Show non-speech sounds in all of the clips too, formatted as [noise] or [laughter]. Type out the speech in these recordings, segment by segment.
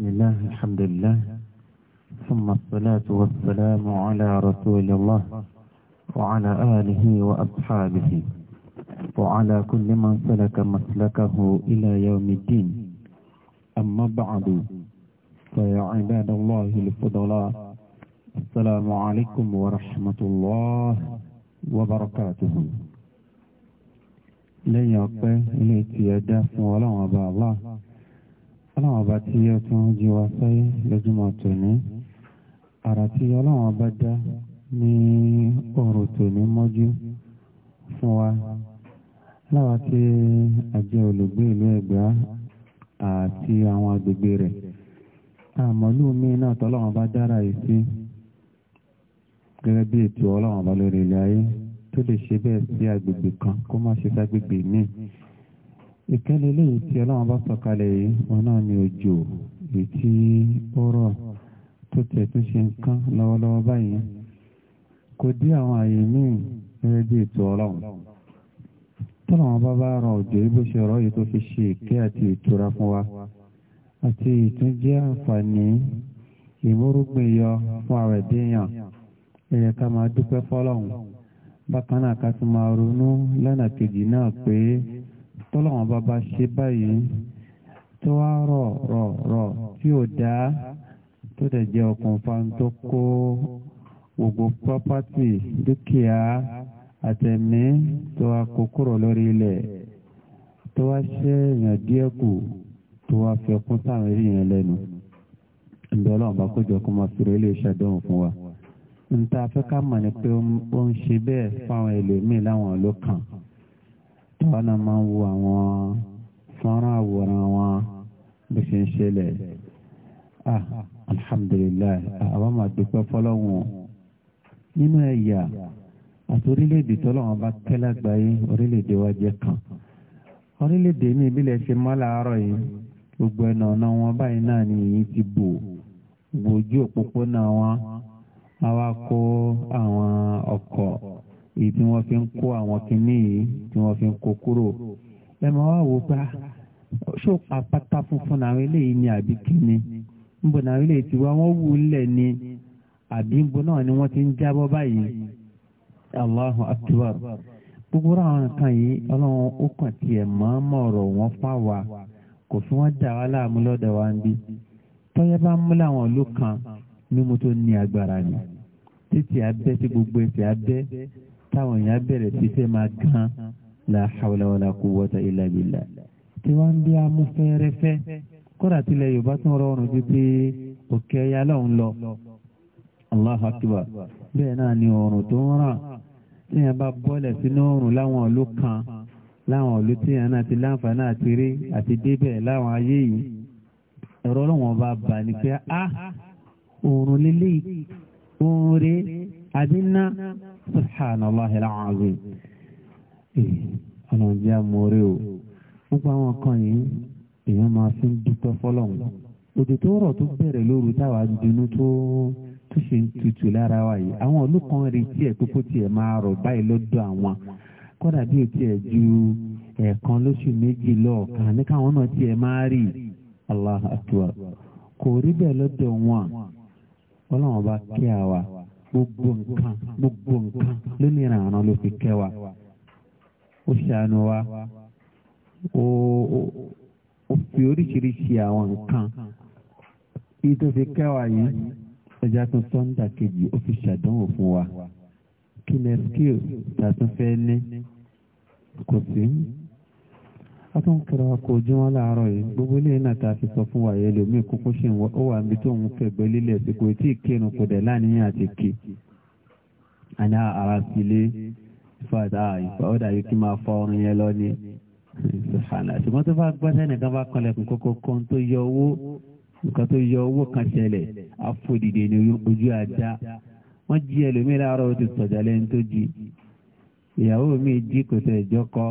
بسم الله الحمد لله ثم الصلاة والسلام على رسول الله وعلى آله وأصحابه وعلى كل من سلك مسلكه إلى يوم الدين أما بعد فيا عباد الله الفضلاء السلام عليكم ورحمة الله وبركاته لن يقف إليك يدافع ولا الله ọlọ́wọ́n ọba tí ó tún jí wa sáyé lójúmọ́ tòní àrà tí ọlọ́wọ́n ọba dá ní òru tòní mọ́jú fún wa láwa tí àjẹ́ olùgbé ìlú Ẹ̀gbá àti àwọn agbègbè rẹ̀ àmọ́lú mi náà tọ́lọ́wọ́n bá dára yìí sí gẹ́gẹ́ bí ètò ọlọ́wọ́n ọba lórí ilẹ̀ ayé tó lè ṣe bẹ́ẹ̀ sí agbègbè kan kó má ṣe ságbègbè míì ìkẹ́lẹ̀ eléyìí tí ọlọ́run bá sọ̀kalẹ̀ yìí wọn náà ni òjò èyí tí ó rọ̀ tó tẹ̀ tó ṣe nǹkan lọ́wọ́lọ́wọ́ báyìí kò dí àwọn àyè míì gẹ́gẹ́ bí ètò ọlọ́run tọ́lọ́run bá bá rọ òjò yìí bó ṣe rọ̀ yìí tó fi ṣe ìkẹ́ àti ìtura fún wa àti ìtúnjẹ́ àǹfààní ìmúrúgbìn yọ fún àwọn ẹ̀dẹ́yàn ẹ̀yẹ ká máa dúpẹ́ fọ́lọ́run bákan náà ká tún máa ronú lọ́nà kejì náà pé tọ́lọ́wọ́n bá bá ṣe báyìí tó wá rọ̀ rọ̀ rọ̀ tí ò dáa tó dẹ̀ jẹ́ okùnfà tó kó gbogbo pọ́pátì dúkìá àtẹ̀mí tó wá kó kúrò lórí ilẹ̀ tó wá ṣe èèyàn díẹ̀ kù tó wá fi ọkún sáwọn eré yẹn lẹ́nu ǹbẹ́ ọlọ́run bá kó kó máa fi rẹ́lẹ̀ ṣàdéhùn fún wa. nta afẹ́ ká mọ̀ ni pé ó ń ṣe bẹ́ẹ̀ fáwọn ẹlòmíì láwọn ló táwa náà máa ń wo àwọn fọ́nrán àwòrán wọn bó ṣe ń ṣẹlẹ̀ ah alhamdulilayi ah, àwọn máa dúpẹ́ fọlọ́wọ́n nínú ẹ̀yà àti orílẹ̀-èdè tọ́lọ́wọ́n bá kẹ́lẹ́ àgbáyé orílẹ̀-èdè wa jẹ́ kan orílẹ̀-èdè ní ìbílẹ̀ ṣe mọ́ làárọ̀ yìí gbogbo ẹ̀nà ọ̀nà wọn báyìí náà ni èyí ti bò gbòójú òpópónà wọn àwa kó àwọn ọkọ̀ èyí tí wọ́n fi ń kó àwọn kinní yìí tí wọ́n fi ń kó kúrò ẹ máa wá wò pé ṣó àpáta funfun làwọn eléyìí ni àbí kinní níbo làwọn eléyìí ti wá wọ́n wù lẹ̀ ni àbí níbo náà ni wọ́n ti ń jábọ́ báyìí Allahu akbar gbogbo àwọn nǹkan yìí ọlọ́run ó kàn tiẹ̀ mọ́ọ́mọ́ ọ̀rọ̀ wọn fà wá kò fi wọ́n dà wá láàmú lọ́dọ̀ wa ń bí tọ́yẹ́ bá mú láwọn ìlú kan mímú tó ní agbára ni títí abẹ́ tí gbogbo ẹsẹ̀ abẹ́ táwọn èèyàn bẹ̀rẹ̀ sí fẹ́ máa gan la hawla wala quwwata illa billah tí wọ́n ń bí amú fẹ́rẹ́fẹ́ kódà tilẹ̀ yorùbá tún rọrùn ju pé òkè ẹ̀yà lọ́hùn lọ Allahu akbar bẹ́ẹ̀ náà ni ọ̀rùn tó ń ràn tíyẹn bá bọ́lẹ̀ sínú ọ̀rùn láwọn ìlú kan láwọn ìlú tíyẹn náà ti láǹfààní àti rí àti débẹ̀ láwọn ayé yìí ẹ̀rọ ọlọ́wọ́n bá bà ní pé ah òrùn lélẹ́yìí òrùn rèé. àbí ná subhanallahi alazim ọ̀nà jẹ́ àmọ́rẹ́ o gbogbo àwọn kan yìí èèyàn máa fi ń dúpẹ́ fọ́lọ́hun òjò tó rọ̀ tó bẹ̀rẹ̀ lóru táwa dunú tó tó ṣe ń tutù lára wa yìí àwọn retí ẹ̀ kókó tiẹ̀ máa rọ̀ báyìí lọ́dọ̀ àwọn bí o tiẹ̀ ju ẹ̀ẹ̀kan lóṣù méjì lọ́ọ̀kan ní káwọn náà tiẹ̀ máa rí Allah akbar kò rí bẹ́ẹ̀ lọ́dọ̀ wọn ọlọ́run bá kí àwa. gbogbo nǹkan gbogbo nǹkan lónìí ìrànà ló fi kẹ́ wa ó ṣàánú wa ó ó fi oríṣiríṣi àwọn nǹkan yìí tó fi kẹ́ wa yìí ẹja tún sọ́ńdà kejì ó fi ṣàdánwò fún wa kí ni skill tàtún fẹ́ ní kò sí wọ́n tún kẹrọ ọkọ̀ ojú wọn láàárọ̀ yìí gbogbo ilé náà ta fi sọ fún wàyẹ̀ lómi kókó ṣì ń wọ́ ó wà níbi tó ń fẹ̀gbẹ́ lílẹ̀ sí kò tí ì kírun kò dẹ̀ láàníyàn àti kì àní ara sí ilé fàdà ìfà ó dàbí kí máa fọ ọrùn yẹn lọ ní ìfàlà ṣùgbọ́n tó bá gbọ́sẹ̀ nìkan bá kanlẹ̀kùn kókó kan tó yọ owó nǹkan tó yọ owó kan ṣẹlẹ̀ afọ òdìdè ní ojú ajá wọ́n jí ẹlòmíràn àárọ̀ ó ti sọ̀jà tó jí ìyàwó mi jí kò tẹ̀ jọkọ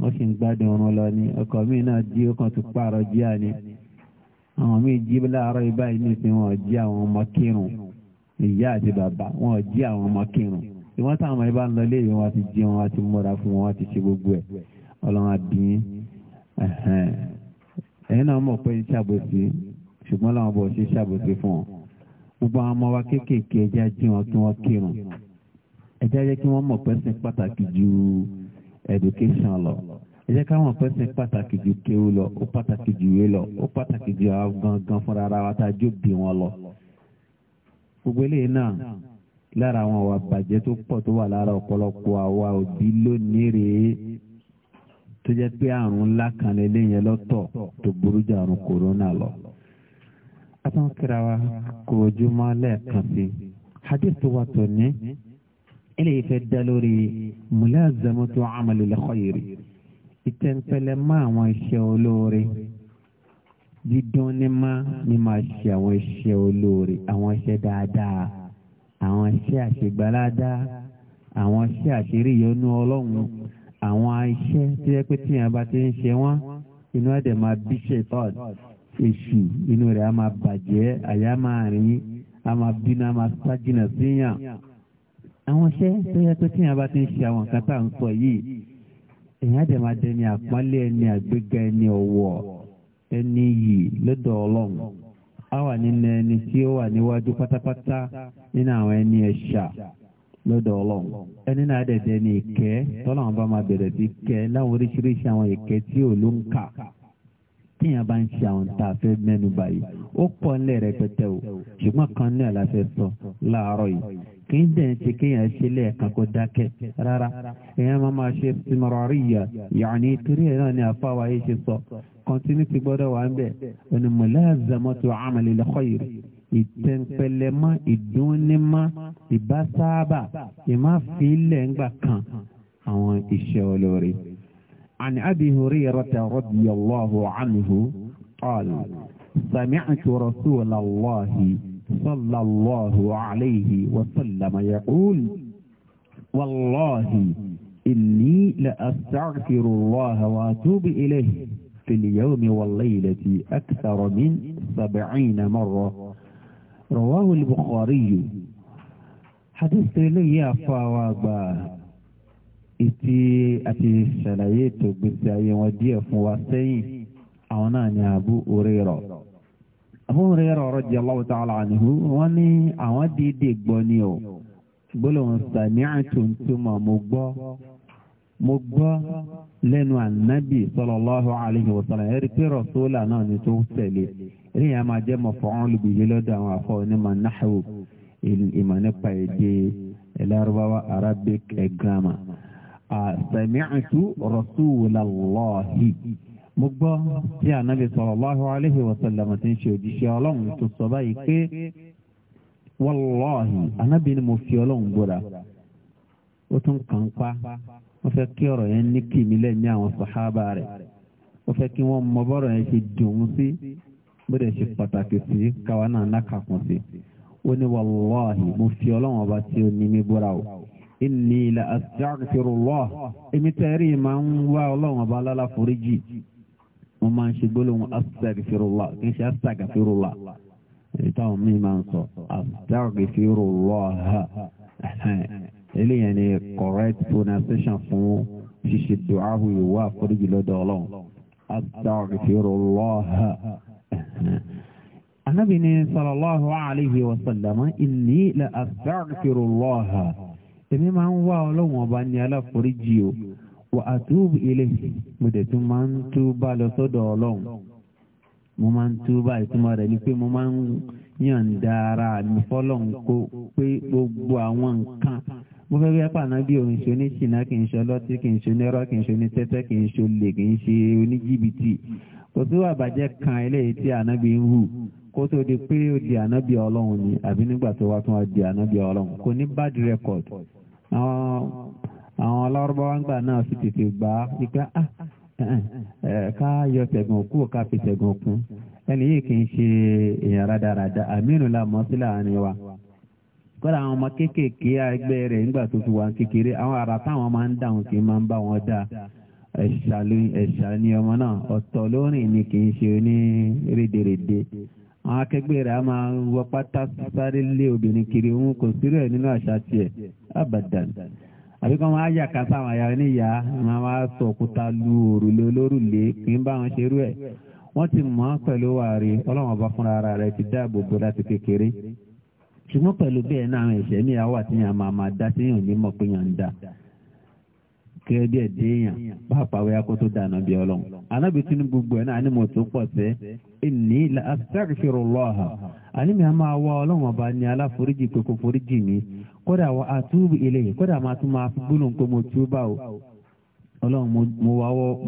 wọ́n sì ń gbádùn ọrùn lọ ni ọkọ mi náà jí ó kàn tún pààrọ̀ jíà ni àwọn mi jí láàárọ̀ ibà yìí nìsín wọn jí àwọn ọmọ kírun ìyá àti bàbá wọn jí àwọn ọmọ kírun ìwọ́n táwọn ọmọ ibà ń lọ léèrè wọn ti jí wọn ti múra fún wọn ti ṣe gbogbo ẹ̀ ọlọ́run àbíyín ẹ̀yin náà mọ̀ pé ṣàbòsí ṣùgbọ́n làwọn bọ̀ ṣe ṣàbòsí fún wọn gbogbo àwọn ọmọ wa kéékèèké ẹja jí wọn kí wọ́n kírun ẹ jẹ́ jẹ́ kí wọ́n mọ̀ pẹ́sìn pàtàkì ju education lọ ẹ jẹ́ káwọn pẹ́sìn pàtàkì ju kéwú lọ ó pàtàkì ju ìwé lọ ó pàtàkì ju àwọn gangan fúnra ara wa tá a jó bí wọn lọ. gbogbo eléyìí náà lára àwọn àwa bàjẹ́ tó pọ̀ tó wà lára ọ̀pọ̀lọpọ̀ àwa òbí lónìí rèé tó jẹ́ pé àrùn ńlá kan lélẹ́yìn lọ́tọ̀ tó burú jù àrùn kòrónà lọ. a tún kíra wa kò ojúmọ́ lẹ́ẹ̀kan sí i hadith wa tó ní eléyìí fẹ́ dá lórí mulazamatu amalil khayri ìtẹ̀ǹpẹ̀lẹ̀ mọ́ àwọn iṣẹ́ olóore dídún ní má ní máa ṣe àwọn iṣẹ́ olóore àwọn iṣẹ́ dáadáa àwọn iṣẹ́ àṣegbáládá àwọn iṣẹ́ àṣírí ìyọnú ọlọ́run àwọn iṣẹ́ tó yẹ pé tíyẹn bá ti ń ṣe wọ́n inú ẹ̀dẹ̀ máa bí ṣètọ́d èṣù inú rẹ̀ á máa bàjẹ́ àyà máa rìn á máa bínú á máa sájìnà síyàn. àwọn iṣẹ́ tó yẹ pé tíyàn bá ti ń ṣe àwọn nǹkan tá à ń sọ yìí èèyàn dẹ̀ máa dẹni àpọ́nlé ẹni àgbéga ẹni ọ̀wọ̀ ẹni yìí lọ́dọ̀ ọlọ́run á wà nínú ẹni tí ó wà níwájú pátápátá nínú àwọn ẹni ẹ̀ṣà lọ́dọ̀ ọlọ́run ẹni náà dẹ̀ dẹni ìkẹ́ tọ́lọ́run bá máa bẹ̀rẹ̀ sí tíyàn bá ń ṣe àwọn tá a fẹ́ mẹ́nu báyìí ó pọ̀ ńlẹ̀ rẹpẹtẹ o ṣùgbọ́n kan náà la fẹ́ sọ láàárọ̀ yìí kì í dẹ̀ ṣe kéèyàn ṣe lẹ́ẹ̀kan kó dákẹ́ rárá èèyàn máa máa ṣe simarariya yàní torí ẹ̀ náà ni àfáwà yìí ṣe sọ kọ́ntínú ti gbọ́dọ̀ wà ń bẹ̀ onímọ̀láàzàmọ́tò àmàlẹ́ lẹ́kọ̀ọ́yìí ìtẹ̀ǹpẹ̀lẹ́mọ́ ìdúnnímọ́ ìbásáábà ìmáfilẹ̀ ńgbà kan àwọn iṣẹ́ olóore. عن أبي هريرة رضي الله عنه قال سمعت رسول الله صلى الله عليه وسلم يقول والله إني لأستغفر الله وأتوب إليه في اليوم والليلة أكثر من سبعين مرة رواه البخاري حديث لي يا فاوابا ìtí àti ṣàlàyé ètò ìgbésí ayé wọn díẹ̀ fún wa sẹ́yìn àwọn náà ni Abu Huraira Abu Huraira radiyallahu ta'ala anhu wọ́n ní àwọn déédéé gbọ́ ni o gbólóhùn sami'tu túmọ̀ mo gbọ́ mo gbọ́ lẹ́nu ànábì sallallahu alayhi wa sallam ẹ̀rí pé rọ̀sọ́là náà ni tó ń eré yẹn máa jẹ́ mọ̀ fọ́n olùgbèjì àwọn afọ onímọ̀ nahwu ìmọ̀ nípa èdè Lárúbáwá Arabic ẹ̀ sami'tu rasulallahi mo gbọ́ tí ànábì sallallahu alayhi wa sallam ti ń ṣe òjíṣẹ́ ọlọ́run tó sọ báyìí pé wàlláhi ànábì ni mo fi ọlọ́run gbọ́ra ó tún kàn pa wọ́n fẹ́ kí ọ̀rọ̀ yẹn ní kì mí lẹ́yìn àwọn sàhábà rẹ̀ ó fẹ́ kí wọ́n mọ bọ́rọ̀ yẹn ṣe dùn sí bóde ṣe pàtàkì sí káwa náà nákàkùn sí ó ní wàlláhi mo fi ọlọ́run ọba tí ó ní mi gbọ́ra o. inni la astaghfirullah èmi tẹ́rì máa ń wá ọlọ́run ọba alála foríjì mo máa ń ṣe gbólóhùn astaghfirullah kì í ṣe astaghfirullah èyí táwọn míì máa ń sọ astaghfirullah eléyàn ni correct pronunciation fún ṣíṣe dùáhù ìwà foríjì lọ́dọ̀ ọlọ́run astaghfirullah. Ànábì ni sallallahu alayhi wa sallam inni la astaghfirullah. èmi máa ń wá ọlọ́wọ́n ọba ní aláforíjì o wà á túbù ilé mo dẹ̀ tún máa ń túbà lọ sọ́dọ̀ ọlọ́run mo máa ń túbà ìtumọ̀ rẹ̀ ni pé mo máa ń yàn dára mi fọ́lọ́run pé gbogbo àwọn nǹkan mo fẹ́ rí apá náà bí òun ṣe oníṣìnà kì í ṣe ọlọ́tí kì í ṣe onírọ́ kì í ṣe onítẹ́tẹ́ kì í ṣe olè kì í ṣe oníjìbìtì kò sí àbàjẹ́ kan eléyìí tí ànábì ń hù kó tó di pé ó di ànábì ọlọ́run ni àbí nígbà tó wá tún wá di ànábì ọlọ́run kò ní bad record àwọn àwọn ọlọ́rọ́bọ́ wá ń gbà náà sì tètè gbà á nípa ah, eh, eh, eh, ká yọ tẹ̀gàn kú ká fi tẹ̀gàn kún ẹni yìí kì í ṣe èèyàn rádaràda àmínú la mọ́ sí kọ́dà àwọn ọmọ kéékèèké ẹgbẹ́ rẹ̀ nígbà tó fi wà kékeré àwọn ara táwọn máa ń dáhùn kì í máa ń bá wọn dá ẹ̀ṣà ni ọmọ náà ọ̀tọ̀ lórin ni kì í ṣe ní rédèrèdè àwọn akẹgbẹ́ rẹ̀ a máa wọ pátá sáré lé obìnrin kiri òun kò sí rẹ̀ nínú àṣà tiẹ̀ àbí máa yà sọ òkúta lu òrùlé olórùlé kì í bá wọn ẹ̀ wọ́n ti pẹ̀lú wàrí ọlọ́wọ́n ti dáàbò láti kékeré. ṣùgbọ́n pẹ̀lú bí ẹ̀nà àwọn ẹ̀ṣẹ̀ ní àwọ̀ àti yàn máa máa dá sí yàn ní mọ̀ pé yàn ń dá kẹ́rẹ́ díẹ̀ dé yàn pàápàá wẹ́yà kó tó bí ọlọ́run anábì tún ní gbogbo ẹ̀ náà ní mo tó pọ̀ sẹ́ la àní mi a máa wá ọlọ́run ọba atubu kódà máa tún máa gbólóhùn pé mo bá ọlọ́run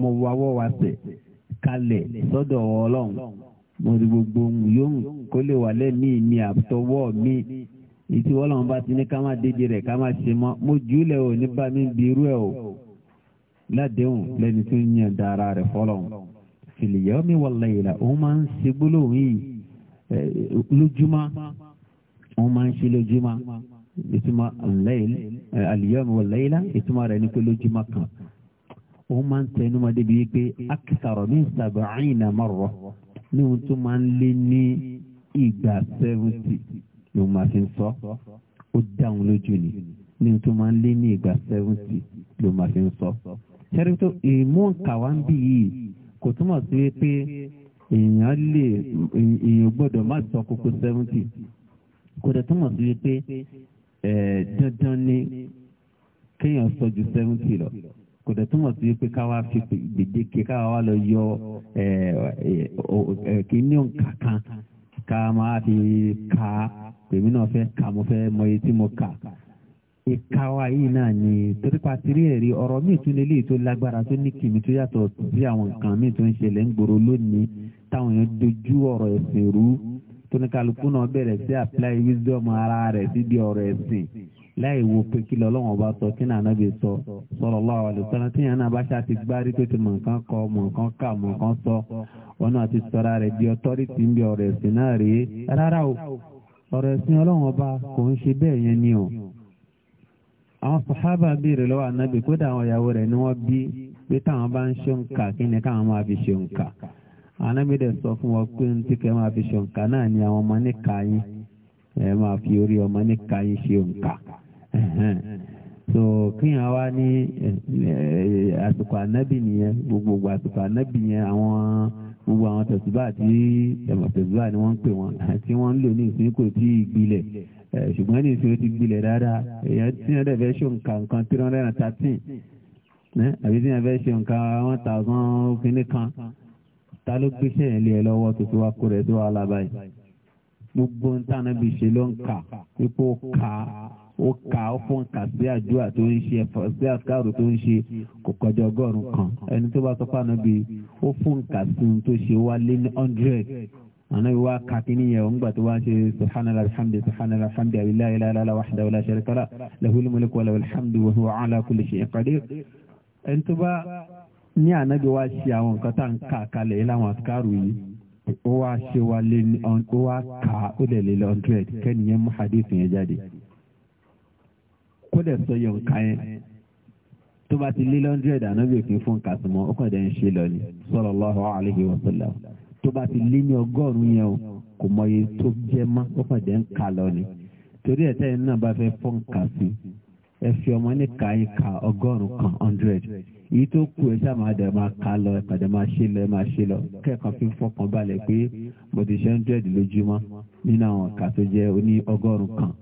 mo wáwọ́ mo ti gbogbo yóò kó lè wà lẹ́mìí mi àtọwọ́ mi ìtí wọ́n lọ́wọ́ bá ti ní ká má dédé rẹ̀ ká má ṣe mọ́ mo jùlẹ̀ ò ní bá mi bí irú ẹ̀ o ládéhùn lẹ́ni tó ń yàn dára rẹ̀ fọlọ́ fìlìyà mi wà lẹ́yìnlá òun máa ń ṣe gbólóhùn lójúmọ́ òun máa ń ṣe lójúmọ́ ìtumọ̀ lẹ́yìn mi wà lẹ́yìnlá ìtumọ̀ rẹ̀ ní pé lójúmọ́ kan òun máa ń tẹnumọ́ débi wípé akitaro mi sàbàáyìn náà ní ohun tó máa ń lé ní ìgbà seventy ló máa fi ń sọ ó dáhùn lójú ni ní ohun tó máa ń lé ní ìgbà seventy ló máa fi ń sọ. ṣẹ́rí tó ìmú kàwá ń bì yìí kò túmọ̀ sí pé èèyàn lè èèyàn gbọ́dọ̀ má sọ kókó seventy kò dẹ̀ túmọ̀ sí pé dandan ni kéèyàn sọ ju seventy lọ kò dẹ̀ túmọ̀ sí pé káwa fi gbèdéke káwa wá lọ yọ kíní òǹkà ká máa fi ka pèmí náà fẹ́ ka mo fẹ́ mọ iye tí mo kà ìka wa yìí náà ni torí patiri ẹ̀rí ọ̀rọ̀ míì tún lè léyìí tó lágbára tó ní kìmí tó yàtọ̀ sí àwọn nǹkan míì tó ń ṣẹlẹ̀ ń gbòòrò lónìí táwọn èèyàn dojú ọ̀rọ̀ ẹ̀sìn rú tóníkàlùkù náà bẹ̀rẹ̀ sí apply wisdom ara rẹ̀ síbi ọ̀rọ̀ ẹ̀sìn láì wo pé kí lọ́lọ́wọ́n bá sọ kí sọ sallallahu alaihi wasallam tí yẹn náà bá kọ mọ̀ nǹkan kà sọ wọn náà ti rẹ̀ di ọtọ́rìtì ń bí ọ̀rọ̀ ẹ̀sìn náà rèé rárá o ọ̀rọ̀ ẹ̀sìn ọlọ́wọ́n o. àwọn sàhábà béèrè lọ́wọ́ ànábì kódà àwọn ìyàwó rẹ̀ ni wọ́n bí pé táwọn bá ń ṣe nǹka kí ni káwọn máa fi ṣe nǹka ànábì dẹ̀ sọ fún wọn pé ní máa fi ṣe nǹka náà ni àwọn ọmọ yín ẹ máa fi orí ọmọ yín so kíyàn wá ní eh, àsìkò ànábì nìyẹn gbogbo àsìkò ànábì yẹn àwọn gbogbo àwọn tẹ̀síbà tí ẹ̀mọ̀ tẹ̀síbà ni wọ́n ń pè wọ́n àti [laughs] wọ́n ń lò ní ìsìn kò tí ì gbilẹ̀ eh, ṣùgbọ́n ní ìṣòro ti gbilẹ̀ dáadáa èèyàn tí wọ́n dẹ̀ fẹ́ ṣe nǹkan nǹkan three hundred and thirteen eh, àbí tí wọ́n fẹ́ ṣe nǹkan one thousand kìíní kan ta ló gbéṣẹ́ yẹn lé ẹ lọ́wọ́ tó ti wá kó rẹ̀ tó wá lábàáyé gbogbo ń tànà bí ṣe ló ń kà ó kà ó fún kà sí àdúrà tó ń ṣe ẹ̀fọ́ sí àkàrò tó ń ṣe kò kọjá ọgọ́rùn kan ẹni tó bá sọ fún ànábì ó fún kà sí ohun tó ṣe wá lé ní hundred ànábì wá kà kí nìyẹn òun gbà tó wá ṣe subhanallah alhamdulilayi subhanallah alhamdulilayi la ilaha illallah wahdahu la sharika lah lahul mulku wa lahul wa huwa ala kulli shay'in qadir ẹni tó bá ní ànábì wá ṣe àwọn nǹkan tá à ń kà kalẹ̀ láwọn àkàrò yìí ó wá ṣe wá lé ní ó wá kà ó lè lé lọ́ndrẹ́d kẹ́niyẹn mú hadith yẹn jáde dẹ̀ sọ yọ nǹka yẹn tó bá ti lé lọ́ndrẹ́dì ànábì òfin fún nǹka sí mọ́ ó kàn dẹ̀ ń ṣe lọ ni sallallahu alaihi wasallam tó bá ti lé ní ọgọ́rùn-ún yẹn o kò mọye tó jẹ́ mọ́ ó kàn dẹ̀ ń ka lọ ni torí ẹ̀ tẹ́yìn náà bá fẹ́ fún nǹka sí ẹ fi ọmọ ní ka yín ka ọgọ́rùn-ún kan hundred èyí tó kù ẹ ṣáà máa dẹ̀ máa ka lọ ẹ pàdé máa ṣe lọ ẹ máa ṣe lọ kẹ́ẹ̀kan fi fọkàn balẹ̀ pé mo ti ṣe hundred lójúmọ́ nínú àwọn ọ̀kà tó jẹ́ oní ọgọ́rùn-ún kan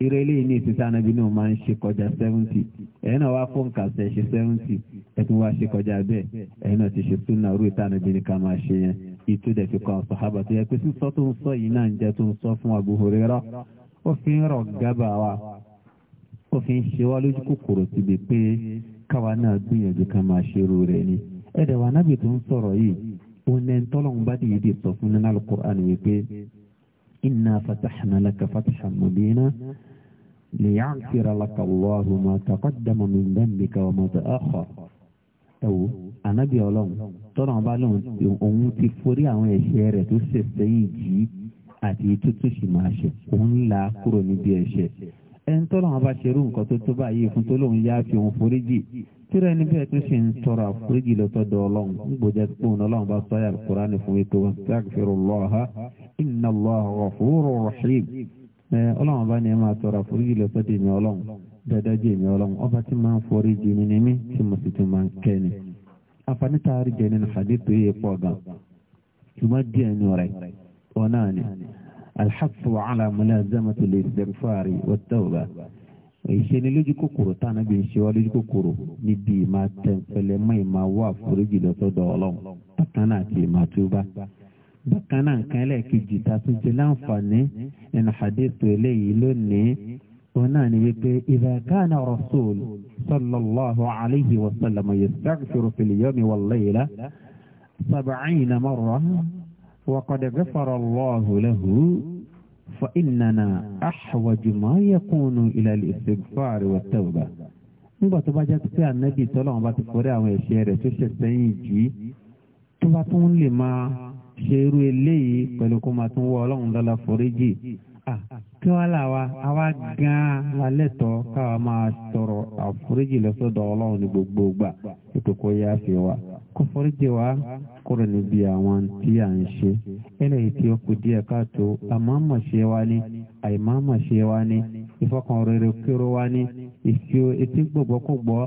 irú eléyìí ní anabi náà máa ń ṣe kọjá seventy na náà wá fún kàṣẹ ṣe seventy ẹ̀tún wá ṣe kọjá bẹ́ẹ̀ náà ti ṣe súnà ìta anabi ní ká máa ṣe yẹn ìtú dẹ̀ fi kọ́ sàhábà tó yẹ pé sísọ tó ń sọ yìí náà ń jẹ́ tó ń sọ fún ó fi ń rọ gábà wa ó fi ń ṣe wá lójú kòkòrò síbi pé káwa náà gbìyànjú ká máa ṣe ni ẹ̀dẹ̀ إنا فتحنا لك فتحا مبينا ليغفر لك الله ما تقدم من ذنبك وما تأخر ẹwò ànábì ọlọ́run tọ́nà bá lóun òun ti forí àwọn ẹ̀ṣẹ̀ rẹ̀ tó ṣẹ̀ sẹ́yìn jì àti tuntun sì máa ṣe òun là á kúrò níbi ẹ̀ṣẹ̀ ẹni tó lọ́wọ́ bá ṣe irú nǹkan tó tó báyìí fún tó lóun yá fi òun foríjì tíra ẹni bẹ́ẹ̀ tó ṣe ń tọrọ àforíjì lọ́tọ́dọ̀ ọlọ́run nígbòjá tó ń ọlọ́run bá sọ́yà kúránì fún ètò astaghfirullaha inna Allaha ghafurur rahim ọlọ́run bá ní ẹ máa tọrọ àforíjì lọ́tọ́dọ̀ èmi ọlọ́run dáadáa jẹ́ èmi ọlọ́run ọba tí máa ń foríjì mi ní mí tí mo sì tún máa ń kẹ́ ni. àǹfààní taari jẹ nínú hadith yìí pọ̀ gan ṣùgbọ́n díẹ̀ nù rẹ̀ ọ̀ náà ni alḥaṣu ala mulazamati al-istighfar wat-tawba ìṣeni lójú kòkòrò táwọn ẹbí ń ṣe wá lójú kòkòrò níbi ìmá tẹ̀fẹ̀lẹ̀ mọ́ ìmá wà foríjì lọ́sọ̀dọ̀ ọlọ́run bákan náà àti ìmá túbá bákan náà nǹkan ẹlẹ́ẹ̀kejì tá a tún ti láǹfààní nínú àdéhùn eléyìí lónìí òun náà ni wípé idha rasul sallallahu alayhi wa sallam yastaghfiru fil yawmi wal layla sab'ina marra. وقد غَفَرَ اللَّهُ لَهُ فَإِنَّنَا أَحْوَجُ مَا يكون إلى الاستغفار وَالتَّوْبَةِ. nígbà tó bá jẹ́ pé ànábì tọ́lọ́wọ́n bá ti forí àwọn ẹ̀ṣẹ̀ rẹ̀ tó ṣe sẹ́yìn jì í tó bá tún lè máa ṣe irú eléyìí pẹ̀lú kó máa tún wọ ọlọ́run lọ́la foríjì kí wọ́n là wa àwa gan-an lálẹ́ tọ́ káwa máa tọrọ àforíjì lọ́sọ̀dọ̀ ọlọ́run ní gbogbo ìgbà ètò kó yá fi wa kó foríjì wa kúrò níbi àwọn tí à ń ṣe eléyìí tí ó kù díẹ̀ káàtó àmọ́mọ̀ ṣe wa ní àìmọ́mọ̀ ṣe wa ní ìfọkànrere kéró wa ní ìfi etí gbọ̀gbọ́kúgbọ́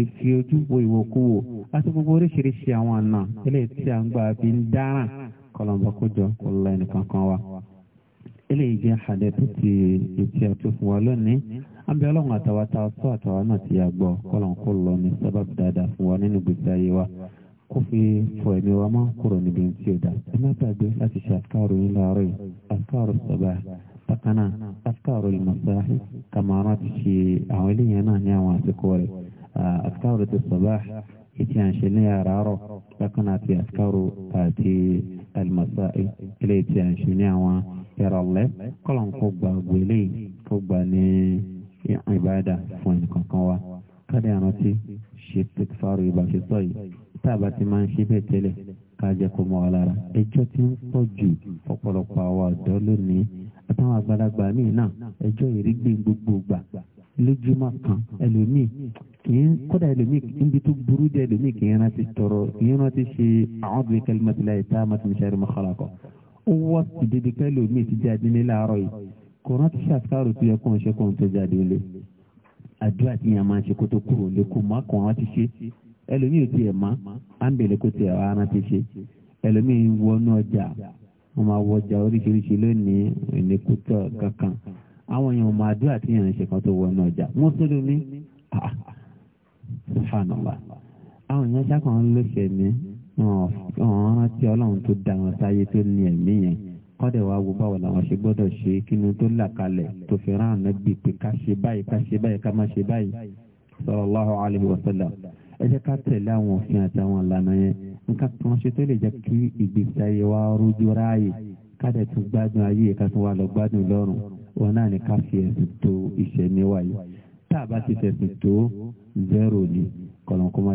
ìfi ojú wo ìwòkúwò àti gbogbo oríṣiríṣi àwọn àna eléyìí tí à ń gbà fi ń dáràn kọlọ̀mbọ́kújọ kò lẹ́nu kankan wa eléyìí jẹ́ àdẹ tó ti etí ọtún fún wa lónìí àbí ọlọ́run àtàwa tá a sọ àtàwa náà ti yà gbọ́ kọ́lọ́n kó lọ ní sábàbí dáadáa fún wa nínú gbèsè ayé wa kó fi fọ ẹ̀mí wa mọ́ kúrò níbi tí ó dá ẹ má gbàgbé láti ṣe àkàrò yín láàárọ̀ yìí àkàrò sọ̀bà bákanáà àkàrò ìmọ̀sá kàmáàrà ti ṣe àwọn eléyìí náà ní àwọn àsìkò rẹ̀ àkàrò ti sọ̀bà ìtì à ní àràárọ̀ bákanáà ti àkàrò àti àlùmọ̀sá eléyìí ti à ní àwọn ìrọ̀lẹ́ kọ́lọ̀ ń kó gba ògbó eléyìí kó gba ní ìbáàdà fún ẹnì kankan wa káde àrántí ṣe pẹ̀tùfàrù ìbáṣepọ̀ yìí tá a bá ti máa ń ṣe bẹ́ẹ̀ tẹ́lẹ̀ ká jẹ́ kó mọ́ wa lára ẹjọ́ tí ń pọ̀ jù ọ̀pọ̀lọpọ̀ àwọn ọ̀dọ́ lónìí àtàwọn àgbàlagbà míì náà ẹjọ́ ìrígbé gbogbo gbà lójúmọ́ kan ẹlòmíì kìí kódà ẹlòmíì níbi tó burú jẹ́ ẹlòmíì kìí rántí tọrọ kìí rántí ṣe àwọn bíi kẹlẹ́mọ́tìláyé tá a máa ti ó wọ́ sí dédé pẹ́lú mi ti jáde ní láàárọ̀ yìí kò rántí ṣàṣàrò tó yẹ kó ń ṣe kó ń tó jáde lé àdúrà tí yẹn máa ń ṣe kó tó kúrò lé kó má kó rántí ṣe ẹlòmíì ò tiẹ̀ má á ń bèèrè kó tiẹ̀ wá rántí ṣe ẹlòmíì ń wọnú ọjà wọn máa wọjà oríṣiríṣi lónìí ìníkútọ̀ kankan àwọn èèyàn máa àdúrà tí yẹn ṣe kan tó wọnú ọjà mùsùlùmí ah, ah, ah. subhanallah àwọn èèyàn ṣàkàn lóṣèlú ọ̀hún rántí ọlọ́run tó dá wọn sáyé tó ní ẹ̀mí yẹn kọ́dẹ̀ wá wo báwo làwọn ṣe gbọ́dọ̀ ṣe kínú tó là kalẹ̀ tó fi rán àná gbé pé ká ṣe báyìí ká ṣe báyìí ká má ṣe báyìí sallallahu alaihi wasallam ẹ jẹ́ ká tẹ̀lé àwọn òfin àti àwọn ìlànà yẹn nǹkan kan ṣe tó lè jẹ́ kí ìgbésí ayé wa rújú ráàyè ká dẹ̀ gbádùn ayé ká tún wá lọ gbádùn lọ́rùn wọn náà ni ká fi ẹ̀sìn tó ìṣẹ̀ níwáyé tá a bá ti fẹ̀sìn tó zero ni kọ̀lọ́n kó má